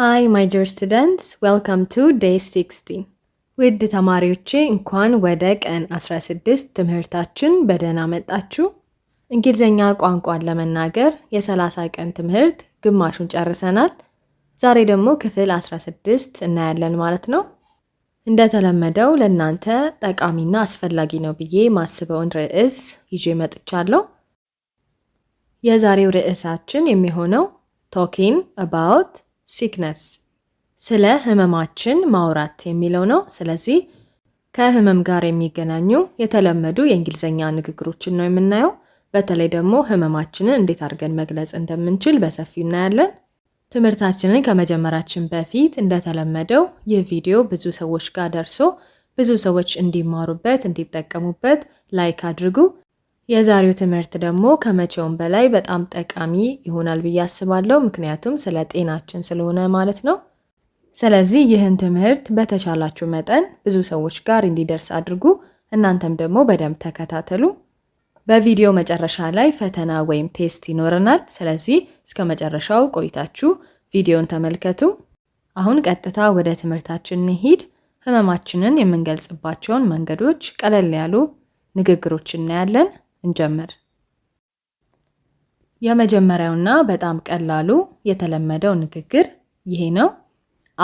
ሃይ ማይ ዲር ስቱደንትስ ዌልካም ቱ ዴይ 60 ውድ ተማሪዎቼ እንኳን ወደ ቀን 16 ትምህርታችን በደህና መጣችሁ። እንግሊዝኛ ቋንቋን ለመናገር የ30 ቀን ትምህርት ግማሹን ጨርሰናል። ዛሬ ደግሞ ክፍል 16 እናያለን ማለት ነው። እንደተለመደው ለእናንተ ጠቃሚና አስፈላጊ ነው ብዬ ማስበውን ርዕስ ይዤ መጥቻለሁ። የዛሬው ርዕሳችን የሚሆነው ቶኪን አባውት ሲክነስ ስለ ህመማችን ማውራት የሚለው ነው። ስለዚህ ከህመም ጋር የሚገናኙ የተለመዱ የእንግሊዝኛ ንግግሮችን ነው የምናየው። በተለይ ደግሞ ህመማችንን እንዴት አድርገን መግለጽ እንደምንችል በሰፊው እናያለን። ትምህርታችንን ከመጀመራችን በፊት እንደተለመደው ይህ ቪዲዮ ብዙ ሰዎች ጋር ደርሶ ብዙ ሰዎች እንዲማሩበት፣ እንዲጠቀሙበት ላይክ አድርጉ። የዛሬው ትምህርት ደግሞ ከመቼውም በላይ በጣም ጠቃሚ ይሆናል ብዬ አስባለሁ። ምክንያቱም ስለ ጤናችን ስለሆነ ማለት ነው። ስለዚህ ይህን ትምህርት በተቻላችሁ መጠን ብዙ ሰዎች ጋር እንዲደርስ አድርጉ። እናንተም ደግሞ በደንብ ተከታተሉ። በቪዲዮ መጨረሻ ላይ ፈተና ወይም ቴስት ይኖረናል። ስለዚህ እስከ መጨረሻው ቆይታችሁ ቪዲዮን ተመልከቱ። አሁን ቀጥታ ወደ ትምህርታችን እንሂድ። ህመማችንን የምንገልጽባቸውን መንገዶች ቀለል ያሉ ንግግሮች እናያለን። እንጀምር። የመጀመሪያውና በጣም ቀላሉ የተለመደው ንግግር ይሄ ነው።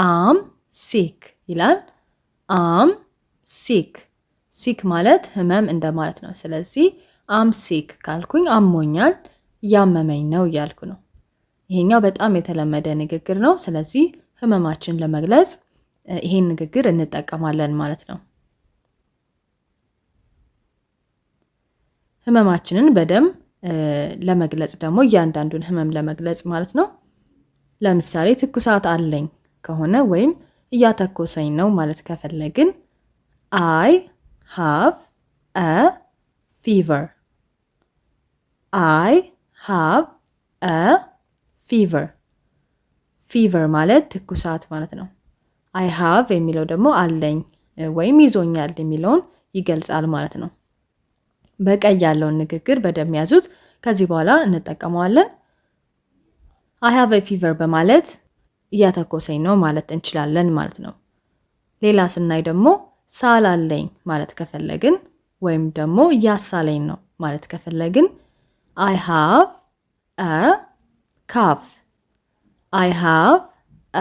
አም ሲክ ይላል። አም ሲክ። ሲክ ማለት ህመም እንደማለት ነው። ስለዚህ አም ሲክ ካልኩኝ አሞኛል፣ እያመመኝ ነው እያልኩ ነው። ይሄኛው በጣም የተለመደ ንግግር ነው። ስለዚህ ህመማችን ለመግለጽ ይሄን ንግግር እንጠቀማለን ማለት ነው። ህመማችንን በደም ለመግለጽ ደግሞ እያንዳንዱን ህመም ለመግለጽ ማለት ነው። ለምሳሌ ትኩሳት አለኝ ከሆነ ወይም እያተኮሰኝ ነው ማለት ከፈለግን አይ ሃቭ አ ፊቨር፣ አይ ሃቭ አ ፊቨር። ፊቨር ማለት ትኩሳት ማለት ነው። አይ ሃቭ የሚለው ደግሞ አለኝ ወይም ይዞኛል የሚለውን ይገልጻል ማለት ነው። በቀይ ያለውን ንግግር በደንብ ያዙት። ከዚህ በኋላ እንጠቀመዋለን። አይ ሃቭ ፊቨር በማለት እያተኮሰኝ ነው ማለት እንችላለን ማለት ነው። ሌላ ስናይ ደግሞ ሳል አለኝ ማለት ከፈለግን ወይም ደግሞ እያሳለኝ ነው ማለት ከፈለግን አይ ሃቭ አ ካፍ አይ ሃቭ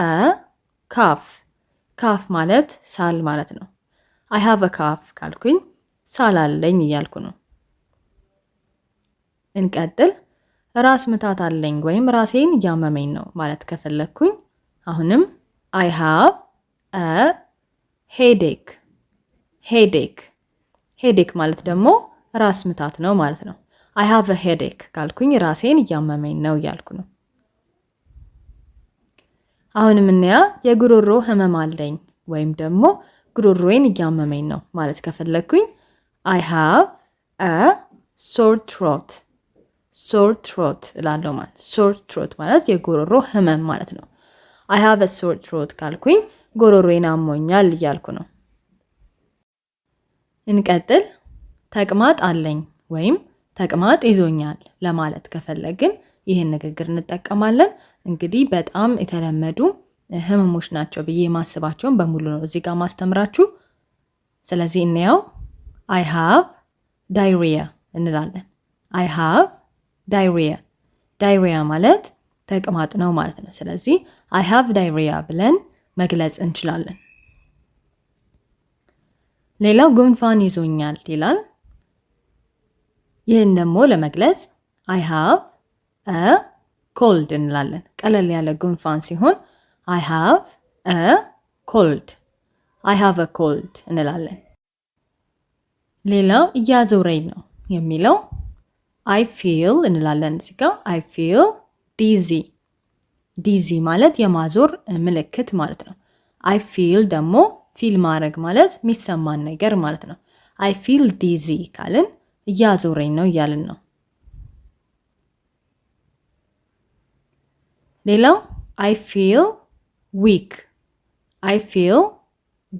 አ ካፍ ካፍ ማለት ሳል ማለት ነው። አይ ሃቭ አ ካፍ ካልኩኝ ሳል አለኝ እያልኩ ነው። እንቀጥል። ራስ ምታት አለኝ ወይም ራሴን እያመመኝ ነው ማለት ከፈለግኩኝ አሁንም አይ ሃቭ አ ሄዴክ ሄዴክ ሄዴክ ማለት ደግሞ ራስ ምታት ነው ማለት ነው። አይ ሃቭ አ ሄዴክ ካልኩኝ ራሴን እያመመኝ ነው እያልኩ ነው። አሁንም እንያ የጉሮሮ ህመም አለኝ ወይም ደግሞ ጉሮሮዬን እያመመኝ ነው ማለት ከፈለግኩኝ አይ ሃቭ አ ሶር ትሮት ሶር ትሮት እላለሁ ማለት ሶር ትሮት ማለት የጎሮሮ ህመም ማለት ነው። አይ ሃቭ አ ሶር ትሮት ካልኩኝ ጎሮሮዬን አሞኛል እያልኩ ነው። እንቀጥል። ተቅማጥ አለኝ ወይም ተቅማጥ ይዞኛል ለማለት ከፈለግን ይህን ንግግር እንጠቀማለን። እንግዲህ በጣም የተለመዱ ህመሞች ናቸው ብዬ የማስባቸውን በሙሉ ነው እዚህ ጋር ማስተምራችሁ። ስለዚህ እንያው አይ ሃቭ ዳይሪያ እንላለን። አይ ሃቭ ዳይሪያ ዳይሪያ ማለት ተቅማጥ ነው ማለት ነው። ስለዚህ አይ ሃቭ ዳይሪያ ብለን መግለጽ እንችላለን። ሌላው ጉንፋን ይዞኛል ይላል። ይህን ደግሞ ለመግለጽ አይ ሃቭ አ ኮልድ እንላለን። ቀለል ያለ ጉንፋን ሲሆን አይ ሃቭ አ ኮልድ አይ ሃቭ አ ኮልድ እንላለን። ሌላው እያዞረኝ ነው የሚለው አይ ፊል እንላለን። እዚህ ጋር አይ ፊል ዲዚ። ዲዚ ማለት የማዞር ምልክት ማለት ነው። አይ ፊል ደግሞ ፊል ማድረግ ማለት የሚሰማን ነገር ማለት ነው። አይ ፊል ዲዚ ካልን እያዞረኝ ነው እያልን ነው። ሌላው አይ ፊል ዊክ አይ ፊል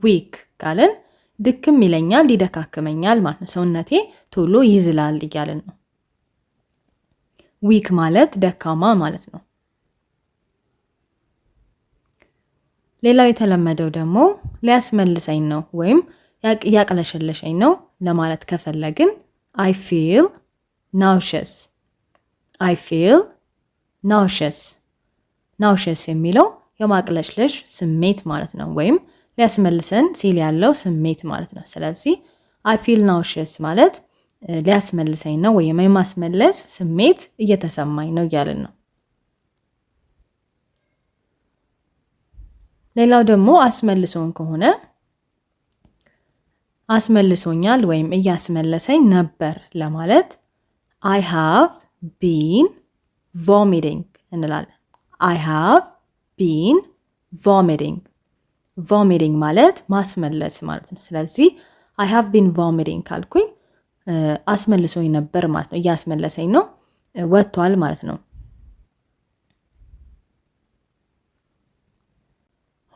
ዊክ ካልን ድክም ይለኛል፣ ይደካክመኛል ማለት ነው። ሰውነቴ ቶሎ ይዝላል እያልን ነው። ዊክ ማለት ደካማ ማለት ነው። ሌላው የተለመደው ደግሞ ሊያስመልሰኝ ነው ወይም ያቅለሸለሸኝ ነው ለማለት ከፈለግን አይ ፊል ናውሸስ፣ አይ ፊል ናውሸስ። ናውሸስ የሚለው የማቅለሽለሽ ስሜት ማለት ነው፣ ወይም ሊያስመልሰን ሲል ያለው ስሜት ማለት ነው። ስለዚህ አይ ፊል ናውሸስ ማለት ሊያስመልሰኝ ነው ወይም የማስመለስ ስሜት እየተሰማኝ ነው እያልን ነው። ሌላው ደግሞ አስመልሶን ከሆነ አስመልሶኛል ወይም እያስመለሰኝ ነበር ለማለት አይ ሃቭ ቢን ቮሚቲንግ እንላለን። አይ ሃቭ ቢን ቮሚቲንግ ቮሚቲንግ ማለት ማስመለስ ማለት ነው። ስለዚህ አይ ሃቭ ቢን ቮሚቲንግ ካልኩኝ አስመልሶኝ ነበር ማለት ነው። እያስመለሰኝ ነው፣ ወጥቷል ማለት ነው።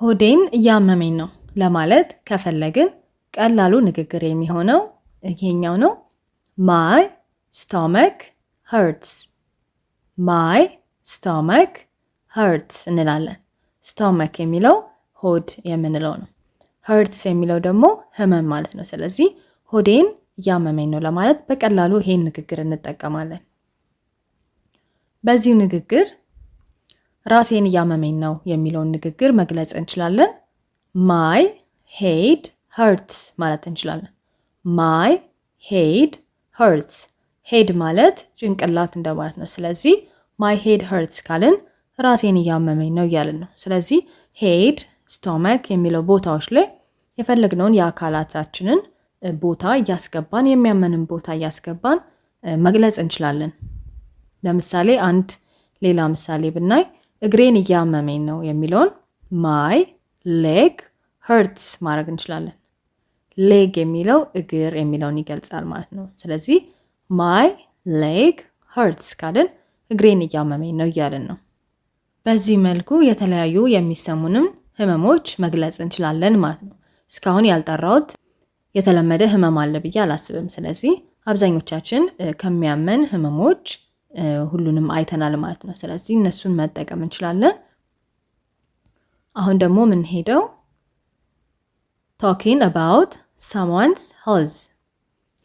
ሆዴን እያመመኝ ነው ለማለት ከፈለግን ቀላሉ ንግግር የሚሆነው ይሄኛው ነው። ማይ ስቶመክ ሀርትስ፣ ማይ ስቶመክ ሀርትስ እንላለን። ስቶመክ የሚለው ሆድ የምንለው ነው። ሀርትስ የሚለው ደግሞ ህመም ማለት ነው። ስለዚህ ሆዴን እያመመኝ ነው ለማለት በቀላሉ ይሄን ንግግር እንጠቀማለን። በዚሁ ንግግር ራሴን እያመመኝ ነው የሚለውን ንግግር መግለጽ እንችላለን። ማይ ሄድ ሀርትስ ማለት እንችላለን። ማይ ሄድ ሀርትስ። ሄድ ማለት ጭንቅላት እንደማለት ነው። ስለዚህ ማይ ሄድ ሀርትስ ካልን ራሴን እያመመኝ ነው እያልን ነው። ስለዚህ ሄድ ስቶመክ የሚለው ቦታዎች ላይ የፈለግነውን የአካላታችንን ቦታ እያስገባን የሚያመንን ቦታ እያስገባን መግለጽ እንችላለን። ለምሳሌ አንድ ሌላ ምሳሌ ብናይ እግሬን እያመመኝ ነው የሚለውን ማይ ሌግ ሄርትስ ማድረግ እንችላለን። ሌግ የሚለው እግር የሚለውን ይገልጻል ማለት ነው። ስለዚህ ማይ ሌግ ሄርትስ ካልን እግሬን እያመመኝ ነው እያልን ነው። በዚህ መልኩ የተለያዩ የሚሰሙንም ህመሞች መግለጽ እንችላለን ማለት ነው። እስካሁን ያልጠራሁት የተለመደ ህመም አለ ብዬ አላስብም። ስለዚህ አብዛኞቻችን ከሚያመን ህመሞች ሁሉንም አይተናል ማለት ነው። ስለዚህ እነሱን መጠቀም እንችላለን። አሁን ደግሞ የምንሄደው ቶኪንግ አባውት ሳምዋንስ ሄልዝ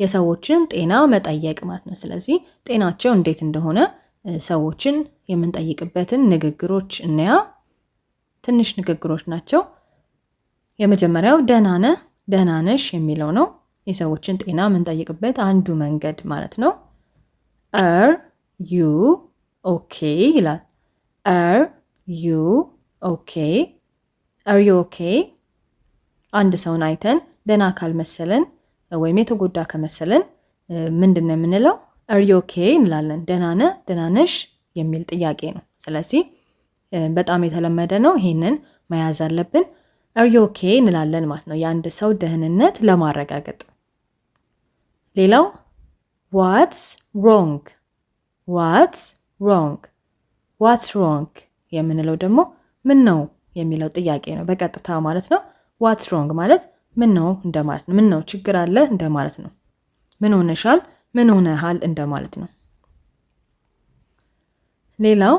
የሰዎችን ጤና መጠየቅ ማለት ነው። ስለዚህ ጤናቸው እንዴት እንደሆነ ሰዎችን የምንጠይቅበትን ንግግሮች እናያ። ትንሽ ንግግሮች ናቸው። የመጀመሪያው ደህና ነህ? ደህና ነሽ የሚለው ነው የሰዎችን ጤና የምንጠይቅበት አንዱ መንገድ ማለት ነው። አር ዩ ኦኬ ይላል። አር ዩ ኦኬ፣ አር ዩ ኦኬ። አንድ ሰውን አይተን ደህና ካልመሰለን ወይም የተጎዳ ከመሰለን ምንድን ነው የምንለው? አር ዩ ኦኬ እንላለን። ደህና ደናነሽ ደህና ነሽ የሚል ጥያቄ ነው። ስለዚህ በጣም የተለመደ ነው። ይሄንን መያዝ አለብን። አርዩ ኦኬ እንላለን ማለት ነው የአንድ ሰው ደህንነት ለማረጋገጥ። ሌላው ዋትስ ሮንግ ዋትስ ሮንግ ዋትስ ሮንግ የምንለው ደግሞ ምን ነው የሚለው ጥያቄ ነው በቀጥታ ማለት ነው። ዋትስ ሮንግ ማለት ምን ነው እንደማለት ነው። ምን ነው ችግር አለ እንደማለት ነው። ምን ሆነሻል፣ ምን ሆነሃል እንደማለት ነው። ሌላው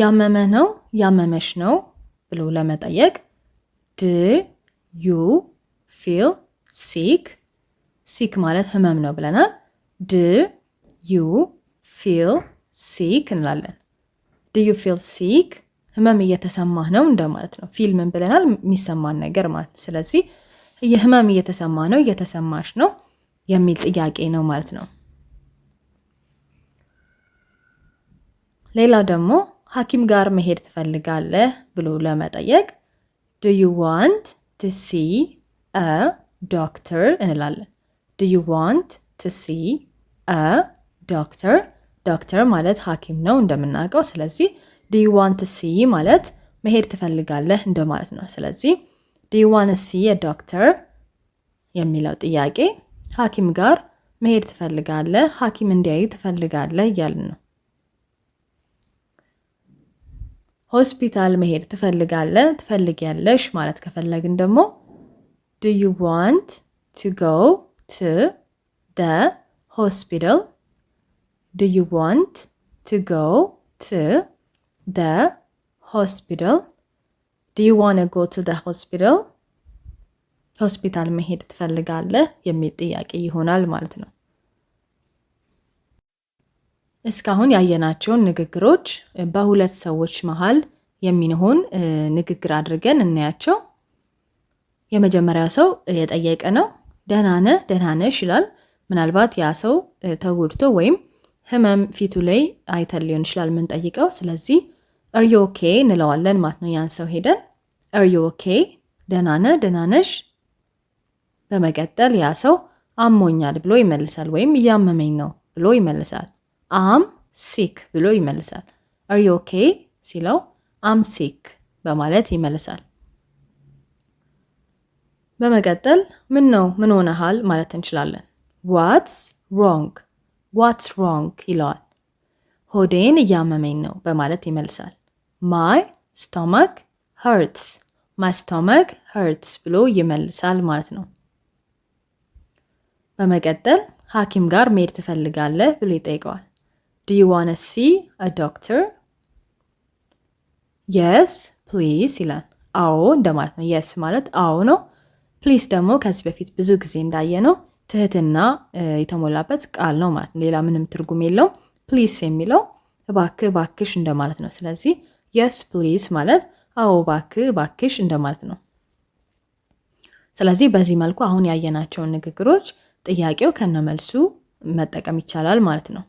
ያመመ ነው፣ ያመመሽ ነው ብሎ ለመጠየቅ ድ ዩ ፊል ሲክ ሲክ ማለት ህመም ነው ብለናል። ድ ዩ ፊል ሲክ እንላለን። ድ ዩ ፊል ሲክ ህመም እየተሰማህ ነው እንደማለት ነው። ፊል ምን ብለናል? የሚሰማን ነገር ማለት ነው። ስለዚህ የህመም እየተሰማ ነው እየተሰማሽ ነው የሚል ጥያቄ ነው ማለት ነው። ሌላው ደግሞ ሐኪም ጋር መሄድ ትፈልጋለህ ብሎ ለመጠየቅ ዱ ዩ ዋንት ቱ ሲ አ ዶክተር እንላለን። ዱ ዩ ዋንት ቱ ሲ አ ዶክተር። ዶክተር ማለት ሐኪም ነው እንደምናውቀው። ስለዚህ ዱ ዩ ዋንት ቱ ሲ ማለት መሄድ ትፈልጋለህ እንደማለት ነው። ስለዚህ ዱ ዩ ዋንት ሲ አ ዶክተር የሚለው ጥያቄ ሐኪም ጋር መሄድ ትፈልጋለህ፣ ሐኪም እንዲያይ ትፈልጋለህ እያልን ነው። ሆስፒታል መሄድ ትፈልጋለ ትፈልጊያለሽ ማለት ከፈለግን ደግሞ ዱ ዩ ዋንት ቱ ጎ ቱ ደ ሆስፒታል ዱ ዩ ዋንት ቱ ጎ ቱ ደ ሆስፒታል ዱ ዩ ዋን ጎ ቱ ደ ሆስፒታል ሆስፒታል መሄድ ትፈልጋለህ የሚል ጥያቄ ይሆናል ማለት ነው። እስካሁን ያየናቸውን ንግግሮች በሁለት ሰዎች መሀል የሚሆን ንግግር አድርገን እናያቸው። የመጀመሪያው ሰው የጠየቀ ነው። ደህና ነህ፣ ደህና ነሽ ይላል። ምናልባት ያ ሰው ተጎድቶ ወይም ህመም ፊቱ ላይ አይተን ሊሆን ይችላል የምንጠይቀው። ስለዚህ እርዮ ኬ እንለዋለን ማለት ነው። ያን ሰው ሄደን እርዮ ኬ፣ ደህና ነህ፣ ደህና ነሽ። በመቀጠል ያ ሰው አሞኛል ብሎ ይመልሳል፣ ወይም እያመመኝ ነው ብሎ ይመልሳል። አም ሲክ ብሎ ይመልሳል። አር ዩ ኦኬ ሲለው አም ሲክ በማለት ይመልሳል። በመቀጠል ምን ነው ምን ሆነሃል ማለት እንችላለን። ዋትስ ሮንግ ዋትስ ሮንግ ይለዋል። ሆዴን እያመመኝ ነው በማለት ይመልሳል። ማይ ስቶማክ ሀርትስ ማይ ስቶማክ ሀርትስ ብሎ ይመልሳል ማለት ነው። በመቀጠል ሐኪም ጋር መሄድ ትፈልጋለህ ብሎ ይጠይቀዋል። Do you want to see a doctor? የስ ፕሊስ ይላል። አዎ እንደማለት ነው። የስ ማለት አዎ ነው። ፕሊስ ደግሞ ከዚህ በፊት ብዙ ጊዜ እንዳየነው ትህትና የተሞላበት ቃል ነው ማለት ነው። ሌላ ምንም ትርጉም የለውም። ፕሊስ የሚለው እባክህ፣ እባክሽ እንደማለት ነው። ስለዚህ የስ ፕሊስ ማለት አዎ፣ እባክህ፣ እባክሽ እንደማለት ነው። ስለዚህ በዚህ መልኩ አሁን ያየናቸውን ንግግሮች ጥያቄው ከነመልሱ መጠቀም ይቻላል ማለት ነው።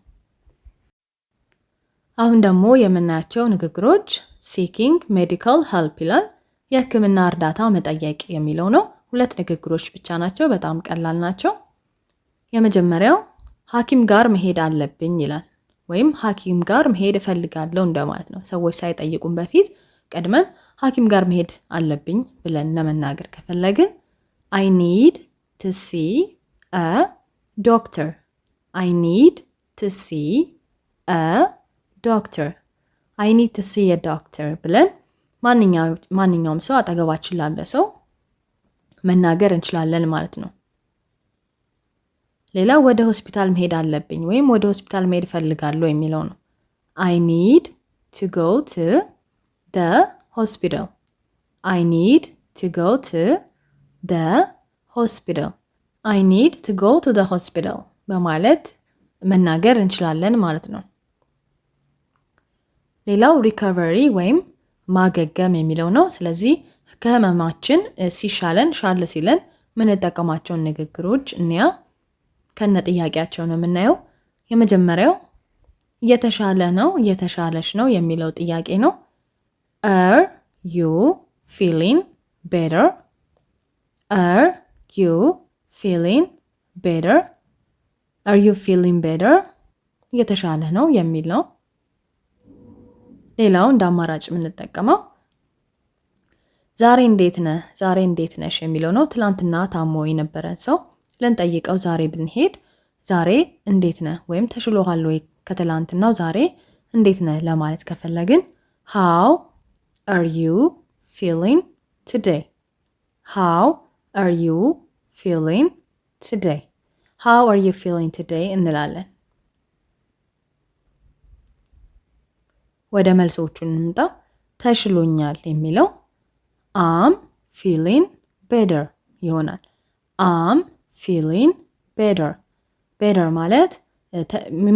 አሁን ደግሞ የምናያቸው ንግግሮች ሲኪንግ ሜዲካል ሄልፕ ይላል። የህክምና እርዳታ መጠየቅ የሚለው ነው። ሁለት ንግግሮች ብቻ ናቸው። በጣም ቀላል ናቸው። የመጀመሪያው ሐኪም ጋር መሄድ አለብኝ ይላል። ወይም ሐኪም ጋር መሄድ እፈልጋለሁ እንደማለት ነው። ሰዎች ሳይጠይቁን በፊት ቀድመን ሐኪም ጋር መሄድ አለብኝ ብለን ለመናገር ከፈለግን አይ ኒድ ት ሲ ዶክተር። አይ ኒድ ት ሲ ዶክተር አይ ኒድ ቱ ሲ ዶክተር ብለን ማንኛውም ሰው አጠገባችን ላለ ሰው መናገር እንችላለን ማለት ነው። ሌላ ወደ ሆስፒታል መሄድ አለብኝ ወይም ወደ ሆስፒታል መሄድ እፈልጋለሁ የሚለው ነው። አይ ኒድ ቱ ጎ ቱ ደ ሆስፒታል አይ ኒድ ቱ ጎ ቱ ደ ሆስፒታል አይ ኒድ ቱ ጎ ቱ ደ ሆስፒታል በማለት መናገር እንችላለን ማለት ነው። ሌላው ሪከቨሪ ወይም ማገገም የሚለው ነው። ስለዚህ ከህመማችን ሲሻለን ሻለ ሲለን ምንጠቀማቸውን ንግግሮች እኒያ ከነ ጥያቄያቸው ነው የምናየው። የመጀመሪያው እየተሻለ ነው እየተሻለች ነው የሚለው ጥያቄ ነው። አር ዩ ፊሊን ቤተር፣ አር ዩ ፊሊን ቤተር፣ አር ዩ ፊሊን ቤተር፣ እየተሻለ ነው የሚል ነው። ሌላው እንደ አማራጭ የምንጠቀመው ዛሬ እንዴት ነህ፣ ዛሬ እንዴት ነሽ የሚለው ነው። ትላንትና ታሞ የነበረን ሰው ልንጠይቀው ዛሬ ብንሄድ ዛሬ እንዴት ነህ ወይም ተሽሎሃል ወይ ከትላንትናው ዛሬ እንዴት ነህ ለማለት ከፈለግን ሃው አር ዩ ፊሊንግ ቱዴይ፣ ሃው አር ዩ ፊሊንግ ቱዴይ፣ ሃው አር ዩ ፊሊንግ ቱዴይ እንላለን። ወደ መልሶቹ እንምጣ። ተሽሎኛል የሚለው አም ፊሊን ቤደር ይሆናል። አም ፊሊን ቤደር። ቤደር ማለት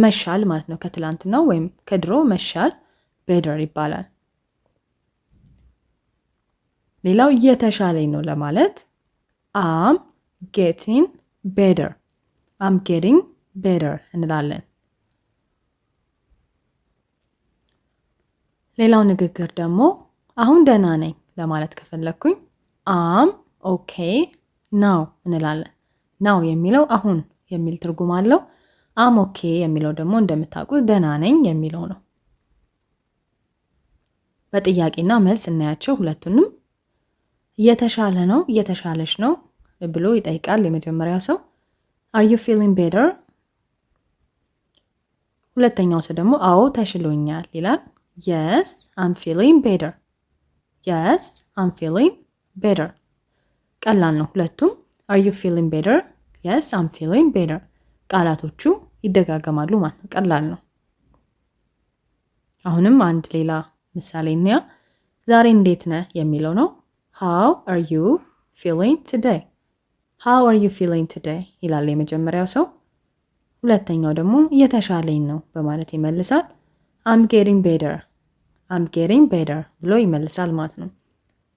መሻል ማለት ነው። ከትላንትናው ወይም ከድሮ መሻል ቤደር ይባላል። ሌላው እየተሻለኝ ነው ለማለት አም ጌቲን ቤደር፣ አም ጌቲንግ ቤደር እንላለን። ሌላው ንግግር ደግሞ አሁን ደህና ነኝ ለማለት ከፈለግኩኝ አም ኦኬ ናው እንላለን። ናው የሚለው አሁን የሚል ትርጉም አለው። አም ኦኬ የሚለው ደግሞ እንደምታውቁት ደህና ነኝ የሚለው ነው። በጥያቄና መልስ እናያቸው ሁለቱንም። እየተሻለ ነው፣ እየተሻለች ነው ብሎ ይጠይቃል የመጀመሪያው ሰው። አር ዩ ፊሊንግ ቤተር? ሁለተኛው ሰው ደግሞ አዎ ተሽሎኛል ይላል። የስ አም ፊሊንግ ቤተር፣ የስ አም ፊሊንግ ቤተር። ቀላል ነው ሁለቱም። አር ዩ ፊሊንግ ቤተር፣ የስ አም ፊሊንግ ቤተር። ቃላቶቹ ይደጋገማሉ ማለት ነው። ቀላል ነው። አሁንም አንድ ሌላ ምሳሌ እንያ። ዛሬ እንዴት ነህ የሚለው ነው። ሃው አር ዩ ፊሊንግ ቱዴይ፣ ሃው አር ዩ ፊሊንግ ቱዴይ ይላል የመጀመሪያው ሰው። ሁለተኛው ደግሞ እየተሻለኝ ነው በማለት ይመልሳል። አም ጌቲንግ ቤተር አም ጌቲንግ ቤተር ብሎ ይመልሳል ማለት ነው።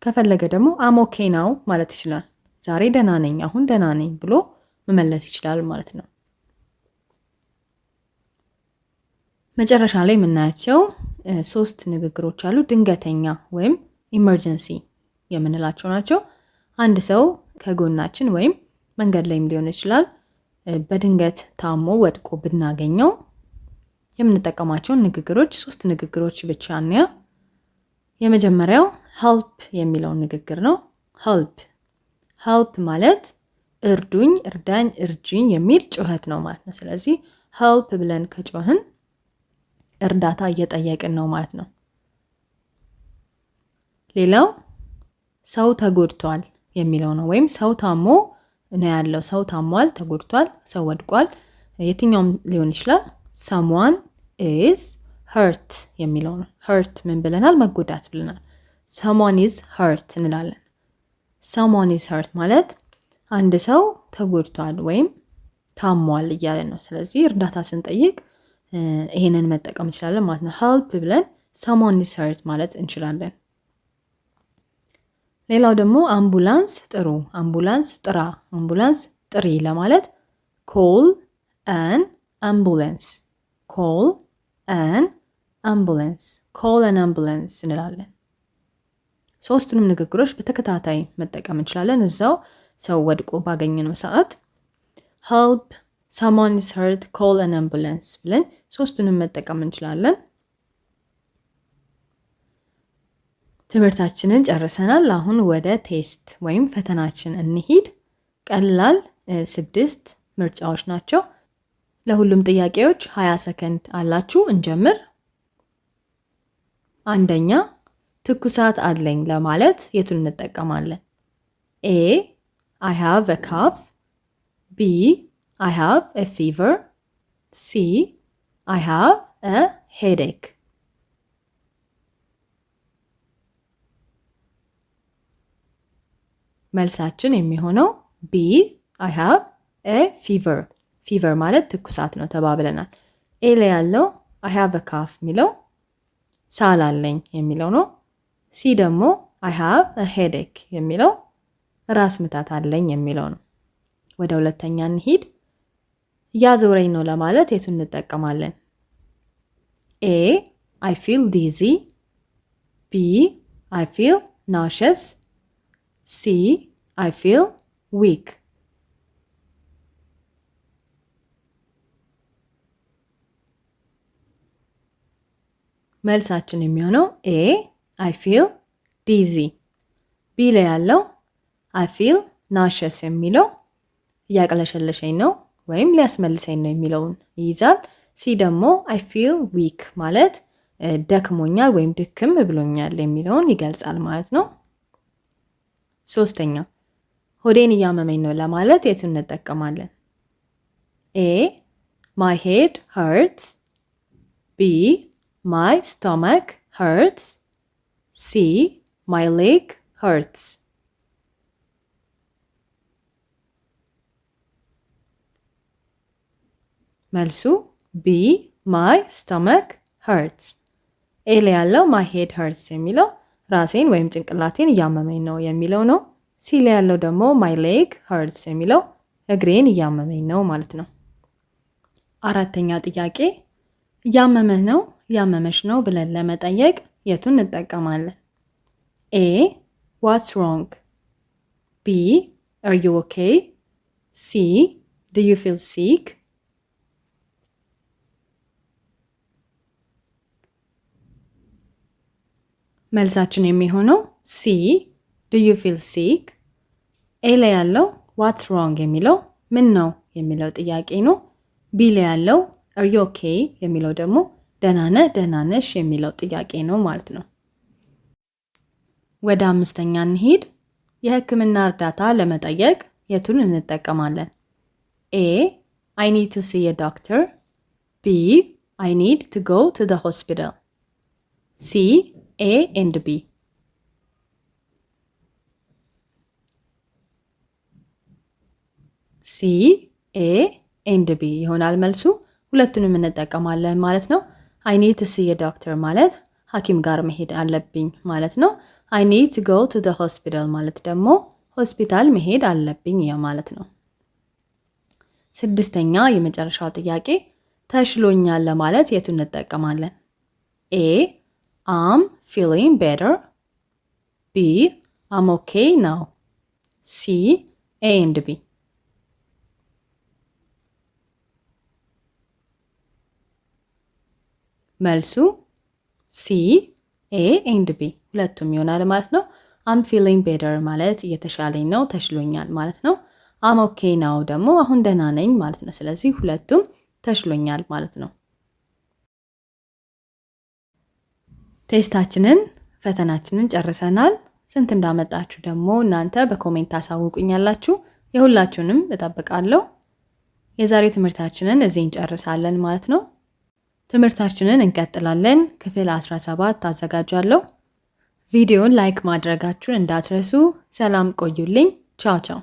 ከፈለገ ደግሞ አም ኦኬ ናው ማለት ይችላል። ዛሬ ደህና ነኝ፣ አሁን ደህና ነኝ ብሎ መመለስ ይችላል ማለት ነው። መጨረሻ ላይ የምናያቸው ሶስት ንግግሮች አሉ። ድንገተኛ ወይም ኢመርጀንሲ የምንላቸው ናቸው። አንድ ሰው ከጎናችን ወይም መንገድ ላይም ሊሆን ይችላል በድንገት ታሞ ወድቆ ብናገኘው የምንጠቀማቸውን ንግግሮች ሶስት ንግግሮች ብቻ እንየው። የመጀመሪያው ሀልፕ የሚለውን ንግግር ነው። ሀልፕ ሀልፕ ማለት እርዱኝ፣ እርዳኝ፣ እርጅኝ የሚል ጩኸት ነው ማለት ነው። ስለዚህ ሀልፕ ብለን ከጮህን እርዳታ እየጠየቅን ነው ማለት ነው። ሌላው ሰው ተጎድቷል የሚለው ነው። ወይም ሰው ታሞ ነው ያለው። ሰው ታሟል፣ ተጎድቷል፣ ሰው ወድቋል፣ የትኛውም ሊሆን ይችላል። ሰሟን ኢዝ ሀርት የሚለው ነው። ሀርት ምን ብለናል? መጎዳት ብለናል። ሰሞን ኢዝ ሀርት እንላለን። ሰሞን ኢዝ ሀርት ማለት አንድ ሰው ተጎድቷል ወይም ታሟል እያለን ነው። ስለዚህ እርዳታ ስንጠይቅ ይሄንን መጠቀም እንችላለን ማለት ነው። ሄልፕ ብለን ሰሞን ኢዝ ሀርት ማለት እንችላለን። ሌላው ደግሞ አምቡላንስ ጥሩ፣ አምቡላንስ ጥራ፣ አምቡላንስ ጥሪ ለማለት ኮል አን አምቡላንስ ኮል ን አምቡላንስ ኮል ን አምቡላንስ እንላለን። ሶስቱንም ንግግሮች በተከታታይ መጠቀም እንችላለን። እዛው ሰው ወድቆ ባገኘነው ሰዓት ሄልፕ ሳማን ኢዝ ሄርት ኮል ን አምቡላንስ ብለን ሶስቱንም መጠቀም እንችላለን። ትምህርታችንን ጨርሰናል። አሁን ወደ ቴስት ወይም ፈተናችን እንሂድ። ቀላል ስድስት ምርጫዎች ናቸው። ለሁሉም ጥያቄዎች 20 ሰከንድ አላችሁ። እንጀምር። አንደኛ ትኩሳት አለኝ ለማለት የቱን እንጠቀማለን? ኤ አይ ሃቭ አ ካፍ፣ ቢ አይ ሃቭ አ ፊቨር፣ ሲ አይ ሃቭ አ ሄዴክ። መልሳችን የሚሆነው ቢ አይ ሃቭ አ ፊቨር ፊቨር ማለት ትኩሳት ነው ተባብለናል። ኤ ላይ ያለው አይ ሃቭ ካፍ የሚለው ሳል አለኝ የሚለው ነው። ሲ ደግሞ አይ ሃቭ ሄዴክ የሚለው ራስ ምታት አለኝ የሚለው ነው። ወደ ሁለተኛ እንሂድ። እያዞረኝ ነው ለማለት የቱ እንጠቀማለን? ኤ አይ ፊል ዲዚ፣ ቢ አይ ፊል ናውሸስ፣ ሲ አይ ፊል ዊክ መልሳችን የሚሆነው ኤ አይ ፊል ዲዚ፣ ቢ ላይ ያለው አይ ፊል ናሸስ የሚለው እያቅለሸለሸኝ ነው ወይም ሊያስመልሰኝ ነው የሚለውን ይይዛል። ሲ ደግሞ አይ ፊል ዊክ ማለት ደክሞኛል ወይም ድክም ብሎኛል የሚለውን ይገልጻል ማለት ነው። ሶስተኛ ሆዴን እያመመኝ ነው ለማለት የቱን እንጠቀማለን? ኤ ማይ ሄድ ሀርትስ፣ ቢ ማይ ስቶማክ ሀርትስ ሲ ማይ ሌግ ሀርትስ መልሱ ቢ ማይ ስቶመክ ሀርትስ። ኤ ያለው ማይ ሄድ ሀርትስ የሚለው ራሴን ወይም ጭንቅላቴን እያመመኝ ነው የሚለው ነው። ሲ ያለው ደግሞ ማይ ሌግ ሀርትስ የሚለው እግሬን እያመመኝ ነው ማለት ነው። አራተኛ ጥያቄ እያመመህ ነው ያመመሽ ነው ብለን ለመጠየቅ የቱን እንጠቀማለን? ኤ ዋትስ ሮንግ፣ ቢ አር ዩ ኦኬ፣ ሲ ዱ ዩ ፊል ሲክ። መልሳችን የሚሆነው ሲ ዱ ዩ ፊል ሲክ። ኤ ላይ ያለው ዋትስ ሮንግ የሚለው ምን ነው የሚለው ጥያቄ ነው። ቢ ላይ ያለው አር ዩ ኦኬ የሚለው ደግሞ ደህናነ ደናነሽ የሚለው ጥያቄ ነው ማለት ነው። ወደ አምስተኛ እንሂድ። የህክምና እርዳታ ለመጠየቅ የቱን እንጠቀማለን? ኤ አይ ኒድ ቱ ሲ የ ዶክተር፣ ቢ አይ ኒድ ቱ ጎ ቱ ደ ሆስፒታል፣ ሲ ኤ ኤንድ ቢ። ሲ ኤ ኤንድ ቢ ይሆናል መልሱ። ሁለቱንም እንጠቀማለን ማለት ነው። ኒድ ቱ ሲ ዶክተር ማለት ሐኪም ጋር መሄድ አለብኝ ማለት ነው። አይኒድ ቱ ጎ ቱ ሆስፒታል ማለት ደግሞ ሆስፒታል መሄድ አለብኝ ማለት ነው። ስድስተኛ የመጨረሻው ጥያቄ ተሽሎኛል ለማለት የቱ እንጠቀማለን? ኤ አም ፊሊንግ ቤተር፣ ቢ አም ኦኬ ናው፣ ሲ ኤ ኤንድ ቢ መልሱ ሲ ኤ ኤንድ ቢ ሁለቱም ይሆናል ማለት ነው። አም ፊሊንግ ቤደር ማለት እየተሻለኝ ነው ተሽሎኛል ማለት ነው። አም ኦኬ ናው ደግሞ አሁን ደህና ነኝ ማለት ነው። ስለዚህ ሁለቱም ተሽሎኛል ማለት ነው። ቴስታችንን ፈተናችንን ጨርሰናል። ስንት እንዳመጣችሁ ደግሞ እናንተ በኮሜንት ታሳውቁኛላችሁ። የሁላችሁንም እጠብቃለሁ። የዛሬው ትምህርታችንን እዚህ እንጨርሳለን ማለት ነው። ትምህርታችንን እንቀጥላለን። ክፍል 17 አዘጋጃለሁ። ቪዲዮን ላይክ ማድረጋችሁን እንዳትረሱ። ሰላም ቆዩልኝ። ቻው ቻው።